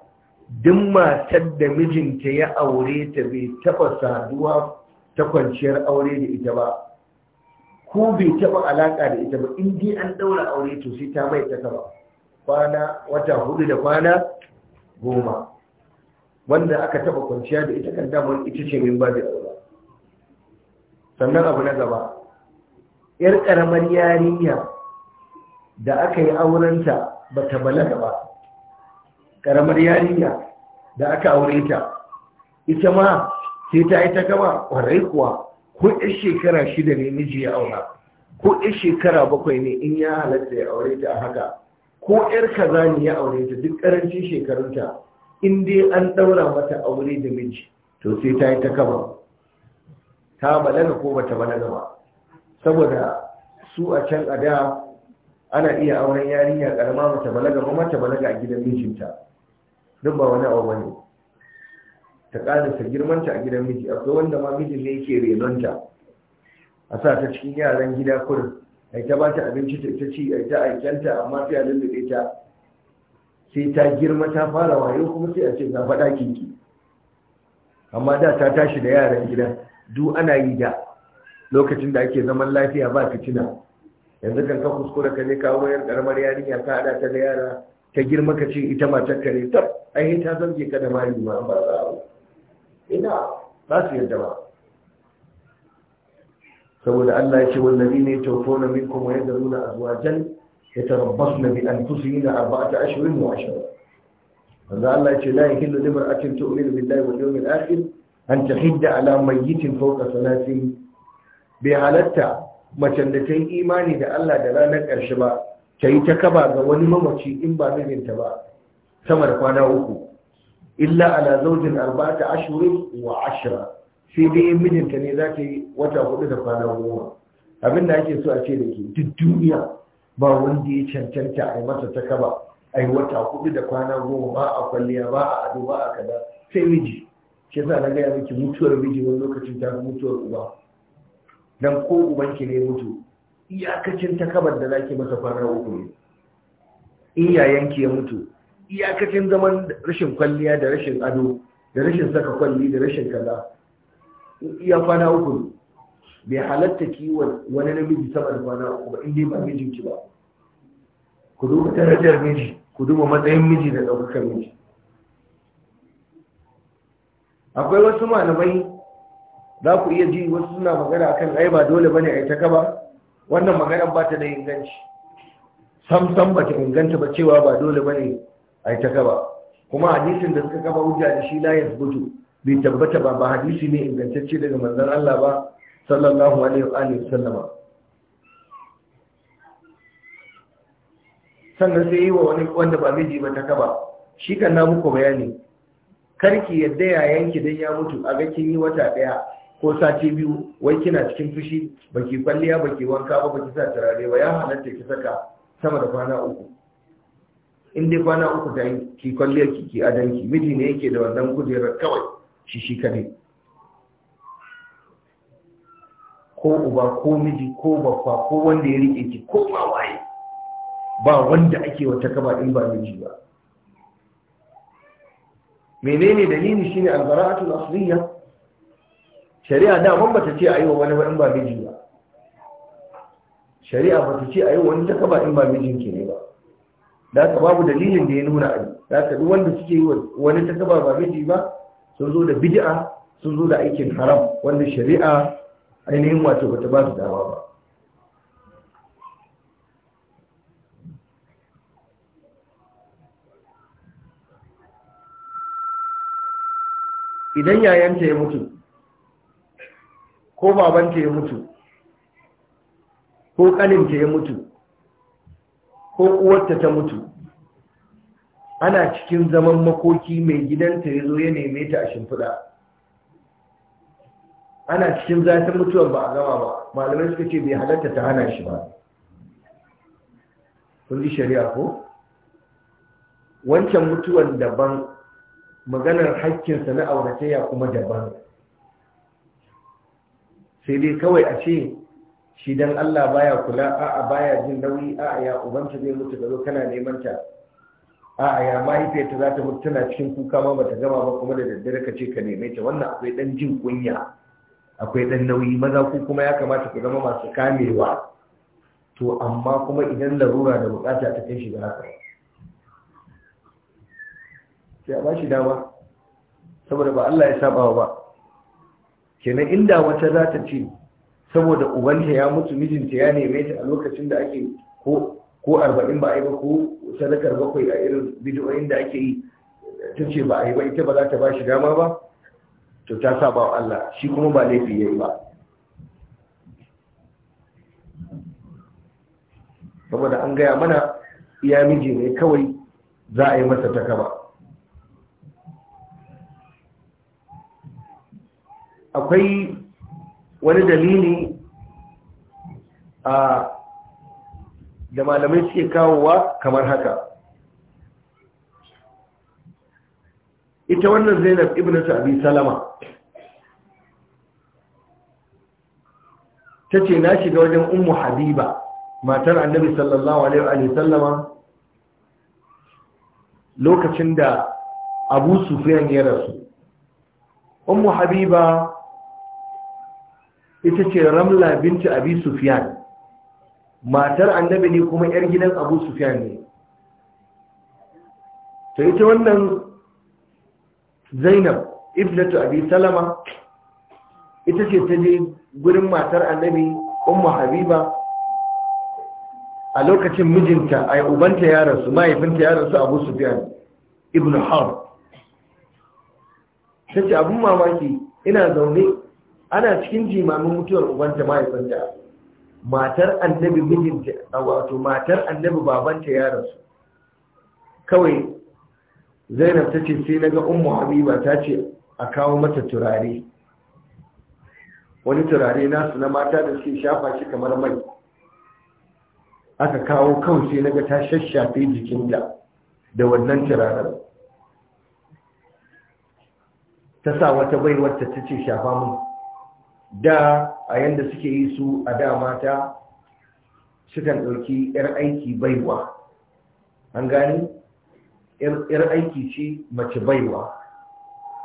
duk matar da mijinta ya aure ta bai taba saduwa ta kwanciyar aure da ita ba ko bai taba alaka da ita ba in dai an daura aure to sai ta mai ta kaba kwana wata hudu da kwana goma wanda aka taba kwanciya da ita kan damar ita ce min babu aure sannan abu na gaba yar ƙaramar yarinya da aka yi aurenta ba ta balaga ba ƙaramar yarinya da aka aure ita ma sai ta yi ta gama ƙwarai kuwa ko ɗan shekara shida ne miji ya aura ko ɗan shekara bakwai ne in ya halatta ya aure ta a haka ko ‘yar kaza ne ya aure ta duk ƙarancin shekarunta in dai an ɗaura mata aure da miji to sai ta yi ta ta balaga ko bata balaga ba saboda su a can a da ana iya auren yarinya karama mata balaga kuma ta balaga a gidan mijinta duk ba wani abu bane ta girman girmanta a gidan miji akwai wanda ma mijin ne yake renonta a sa ta cikin yaran gida kurin a ta ba ta abinci ta ita ci a ta aikanta amma sai a lullube ta sai ta girma ta fara wayo kuma sai a ce ga faɗa kinki amma da ta tashi da yaran gida duk ana yi da lokacin da ake zaman lafiya ba fitina yanzu kan ka kuskura ka je kawo wayar karamar yarinya ta hada ta da yara ta girma ka ce ita matar ka ne tab ai ta zarge ka da mali ma ba za a ina za su yarda ba saboda Allah ya ce Nabi ne na tawfona minkum wa yadruna azwajan yatarabbasna bi anfusihinna arba'ata ashirin mu ashirin. manzo Allah ya ce la yahillu limra'atin tu'minu billahi wal yawmil akhir an tahidda ala mayyitin fawqa salasin bai halatta macen da ta yi imani da Allah da ranar ƙarshe ba ta yi ta kaba ga wani mamaci in ba mijinta ba Samar kwana uku illa ala zaujin arba'ata ashirin wa ashira sai dai mijinta ne za ta yi wata hudu da kwana goma abin da ake so a ce da ke duk duniya ba wanda ya cancanta a yi masa ta kaba a yi wata hudu da kwana goma ba a kwalliya ba a ado ba a kada, sai miji shi yasa na gaya miki mutuwar miji wani lokacin ta fi mutuwar uba dan ko ubanki ne mutu iyakacin takabar da zaki masa fara uku ne iyayenki ya mutu iyakacin zaman rashin kwalliya da rashin ado da rashin saka kwalli da rashin kaza iya fara uku ne, bai halatta kiwon wani namiji sama da kwana uku ba inda ba mijinki ba ku duba tarajar miji ku duba matsayin miji da ɗaukakar miji akwai wasu malamai za ku iya ji wasu suna magana akan ai ba dole bane yi ta kaba wannan maganar ba ta da inganci sam sam ba ta inganta ba cewa ba dole bane yi ta kaba kuma hadisin da suka kaba hujja da shi la yasbutu bai tabbata ba ba hadisi ne ingantacce daga manzon Allah ba sallallahu alaihi wa alihi sallama sannan sai yi wa wani wanda ba miji ba ta kaba shi kan na muku bayani karki yadda yayanki dan ya mutu a ga kin yi wata daya ko sati biyu wai kina cikin fushi baki kwalliya baki wanka ba baki sa turare ba ya halatta ki saka sama da kwana uku in dai kwana uku ta yi ki kwalliya ki ki adanki miji ne yake da wannan kujerar kawai shi shi ko uba ko miji ko baffa ko wanda ya rike ki ko ba waye ba wanda ake wata kaba in ba miji ba menene dalili shine al-asliyah shari'a daman ba ta ce a yi wa wani ba ba miji ba shari'a ba ta ce a yi wa wani ta in ba mijin ke ne ba da ka babu dalilin da ya nuna a yi da ka duk wanda suke yi wa wani ta ba ba miji ba sun zo da bid'a sun zo da aikin haram wanda shari'a ainihin wato ba ta ba su dawa ba idan yayanta ya mutu ko babanta ya mutu ko kaninta ya mutu ko uwarta ta mutu ana cikin zaman makoki mai gidanta ya zo ya neme ta a shimfiɗa ana cikin zafin mutuwar ba a gama ba malamai suka ce bai halatta ta hana shi ba kun yi shari'a ko wancan mutuwan daban maganar haƙƙinsa na auratayya kuma daban sai dai kawai a ce shi dan Allah baya kula a'a baya jin nauyi a'a ya ubanta zai mutu da zo kana neman ta a'a ya mahaifiyarta za ta mutu tana cikin kuka ma bata gama ba kuma da daddare ka ce ka neme ta wannan akwai dan jin kunya akwai dan nauyi maza ku kuma ya kamata ku zama masu kamewa to amma kuma idan larura da bukata ta kai shi ga haka sai a ba shi dama saboda ba Allah ya saba ba kenan inda wata za ta ce saboda ubanta ya mutu mijinta ya neme ta a lokacin da ake ko ko arba'in ba a yi ba ko sadakar bakwai a irin bidiyoyin da ake yi ta ce ba a yi ba ita ba za ta ba shi dama ba to ta saba wa Allah shi kuma ba laifi ya yi ba saboda an gaya mana iya miji ne kawai za a yi masa takaba akwai wani dalili a da malamai suke kawowa kamar haka ita wannan zainab ibn abi salama ta na shiga wajen ummu habiba matar annabi sallallahu alaihi wa lokacin da abu sufiyan ya rasu ummu habiba ita ce ramla Binta abi sufyan matar annabi ne kuma yar gidan abu sufyan ne to ita wannan zainab ibnatu abi salama ita ce ta je gurin matar annabi Umma habiba a lokacin mijinta a ubanta ya rasu mahaifinta ya rasu abu sufyan ibn har ta ce abun mamaki ina zaune ana cikin jimamin mutuwar ubanta mahaifinta matar annabi mijinta wato matar annabi babanta ya rasu kawai zainab ta ce sai naga ummu habiba ta ce a kawo mata turare wani turare nasu na mata da suke shafa shi kamar mai aka kawo kawai sai naga ta shashafe jikinta da wannan turaren ta sa wata baiwar ta ce shafa mai da a yanda suke yi su a da mata sukan ɗauki 'yar aiki baiwa an gani 'yar aiki ce mace baiwa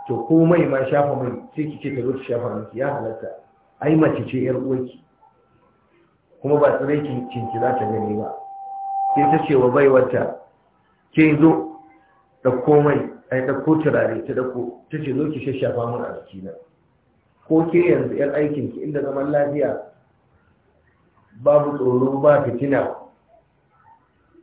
to komai ma shafa mai sai kike ta zo ta shafa mai ya halatta ai mace ce 'yar uwarki kuma ba tsirai cinci za ta gani ba sai ta ce wa baiwarta ke zo da komai ai ɗauko turare ta ɗauko ta ce zo ki shafa mai a jikinan ko ke yanzu 'yan aikin ki inda zaman lafiya babu tsoro ba fitina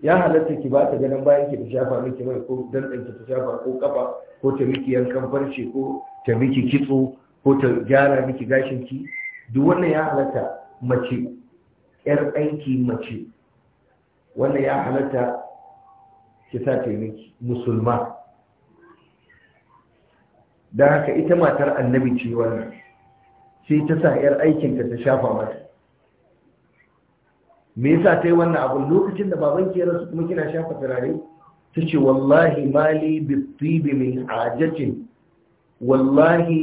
ya halatta ki ba ta ganin bayan ki ta shafa miki mai ko dan ki ta shafa ko kafa ko ta miki yankan farce ko ta miki kitso ko ta gyara miki gashin ki duk wannan ya halatta mace yar aiki mace wannan ya halatta ki sa ta miki musulma don haka ita matar annabi ce wannan sai ta sa 'yar aikinka ta shafa mata me yasa ta yi wannan abu lokacin da babanki ya rasu kuma kina shafa turare ta ce wallahi mali bittibi min hajjacin wallahi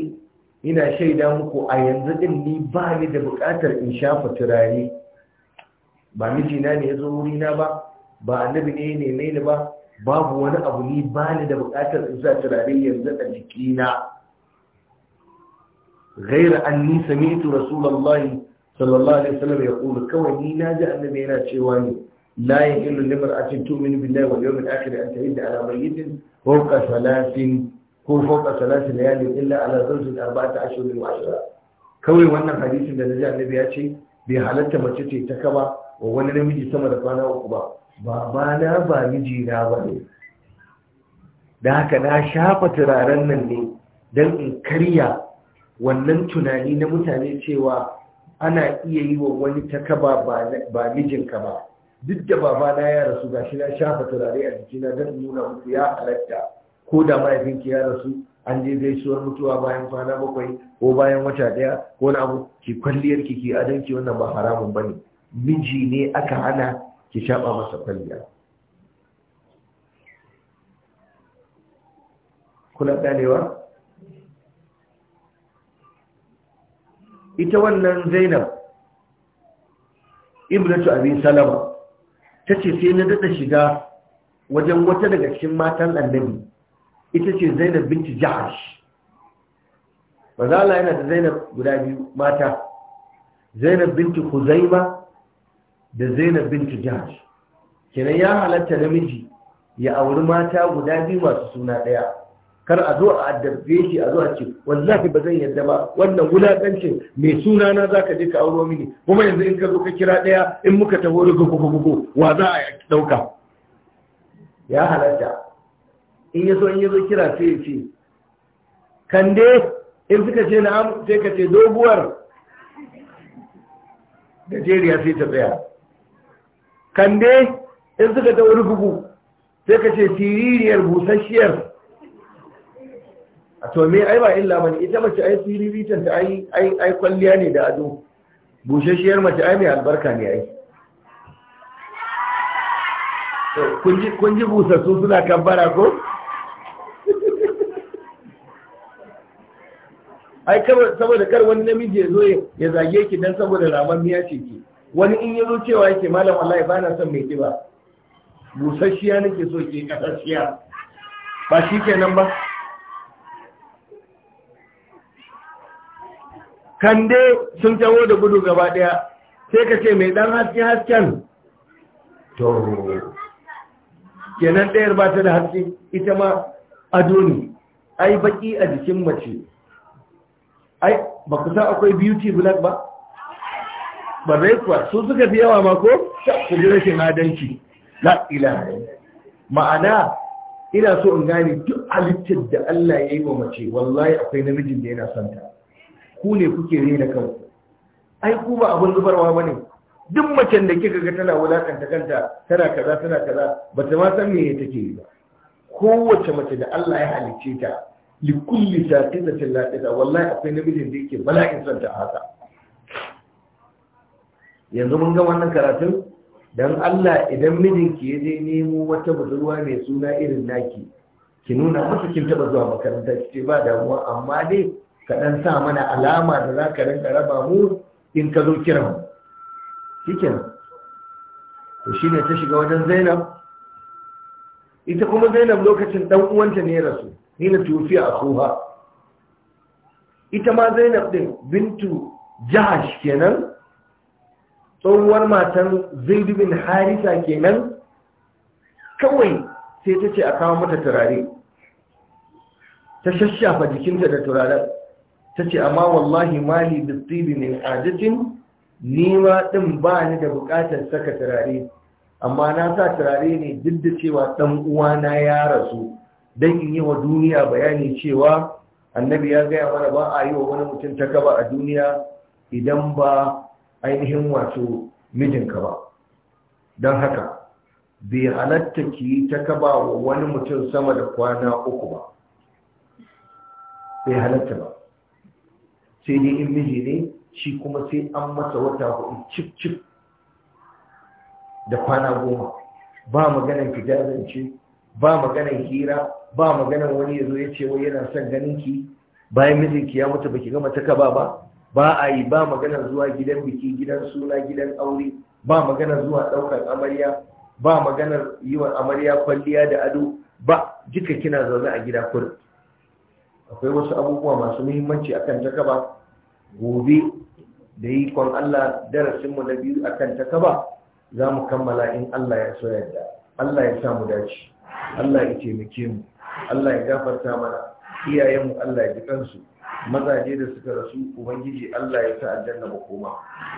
ina shaida muku a yanzu din ni ba ni da bukatar in shafa turare ba mijina ne ya zo wurina ba ba annabi ne ne ne ba babu wani abu ni ba ni da bukatar in sa turare yanzu a jikina غير أني سمعت رسول الله صلى الله عليه وسلم يقول كوني ناجع النبي لا تشواني لا يحل لمرأة تؤمن بالله واليوم الآخر أن تعد على ميت فوق ثلاث ko fauka salasi layali illa ala zawjin arba'ati ashhurin wa ashra kawai wannan hadisin da naji annabi ya ce bai halatta mace ce ta kaba wa wani namiji sama da kwana uku ba Babana na ba miji na ba ne da haka na shafa turaren nan ne dan in karya wannan tunani na mutane cewa ana iya yi wa wani takaba ba mijinka ba duk da babana ya rasu ga shi na shafa turare a jikina don nuna musu ya halatta ko da mahaifinki ya rasu an je gaisuwar mutuwa bayan kwana bakwai ko bayan wata ɗaya, ko na abu ki kwalliyar ki ki adanki wannan ba haramun bane miji ne aka hana ki shaba masa kwalliya kuna ɗanewa ita wannan zainab ibnatu abin salama ta ce sai na daɗa shiga wajen wata daga cikin matan annabi ita ce zainab binti jahash mazala yana da zainab guda biyu mata zainab binti huzaima da zainab binti jahash kenan ya halatta namiji ya auri mata guda biyu masu suna ɗaya kar a zo a addabe shi a zo a ce wallahi ba zan yadda ba wannan wulakancin mai suna na za ka je ka auro mini kuma yanzu in ka zo ka kira ɗaya, in muka taho da gugu gugu wa za a ɗauka? ya halatta in ya so in yazo kira sai ya ce kande in suka ce na'am sai ka ce doguwar gajeriya sai ta tsaya kande in suka taho gugu sai ka ce siririyar busasshiyar a to me ai ba illa bane ita mace ai firibitan ta ai ai ai kwalliya ne da ado bushashiyar mace ai mai albarka ne ai kun ji busassu suna kambara ko? [laughs] ai saboda kar wani namiji ya zo ya zage ki dan saboda raman miya ce ki wani in yazo cewa yake malam wallahi ba na son mai kiba busasshiya nake so ke kasashiya ba shi kenan ba kande sun taho da gudu gaba daya sai ka ce mai dan haske hasken to kenan ɗayar ba ta da haske ita ma adoni. ai baki a jikin mace ai ba ku san akwai beauty black ba ba dai kuwa su suka fi yawa ma ko ku ji rashin adalci la ilaha ma'ana ina so in gane duk halittar da Allah ya yi wa mace wallahi akwai namijin da yana santa. ku ne kuke rena kanku ai ku ba abun zubarwa ba ne duk macen da kika ga tana wulakanta kanta tana kaza tana kaza ba ta ma san me take yi ba kowace mace da Allah ya halicce ta li kulli saqizatin laqita wallahi akwai namijin da yake bala'in son ta haka yanzu mun ga wannan karatun dan Allah idan mijinki ya je nemo wata budurwa mai suna irin naki ki nuna masa kin taba zuwa makaranta ki ce ba damuwa amma dai ka ɗan sa mana alama da za ka rinka raba mu in ka zo kiran mu shikin to shi ne ta shiga wajen zainab ita kuma zainab lokacin ɗan uwanta ne rasu ni na tufiya a koha ita ma zainab ɗin bintu jahash kenan tsohuwar matan zaidu harisa kenan kawai sai ta ce a kawo mata turare ta shashafa jikinta da turaren ta ce amma wallahi mali bittibi min jikin?" nima ɗin ba ni da buƙatar saka turare amma na sa turare ne duk da cewa ɗan uwana ya rasu don in yi wa duniya bayani cewa annabi ya gaya mana ba a yi wa wani mutum ta gaba a duniya idan ba ainihin wato mijinka ba don haka bai halatta ki yi ta gaba wa wani mutum sama da kwana uku ba bai halatta ba sai dai in miji ne shi kuma sai an masa wata hudu cif cif da kwana goma ba maganar fitazance ba maganar hira ba maganar wani ya zo ya ce wai yana son ganin ki bayan mijinki ya mutu baki gama takaba ba ba a yi ba maganar zuwa gidan biki gidan suna gidan aure ba maganar zuwa ɗaukar amarya ba maganar yi wa amarya kwalliya da ado ba Jika kina zaune a gida kurin akwai wasu abubuwa masu muhimmanci akan takaba gobe da yikon Allah darasinmu na biyu akan takaba za mu kammala in Allah ya so yadda Allah ya sa mu dace Allah ya taimake mu Allah ya gafarta mana iyayenmu Allah ya ji kansu mazaje da suka rasu ubangiji Allah ya sa aljanna ba koma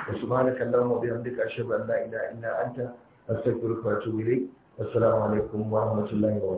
wa subhanaka allahumma wa bihamdika ashhadu an la ilaha illa anta astaghfiruka wa atubu ilayk assalamu alaikum wa rahmatullahi wa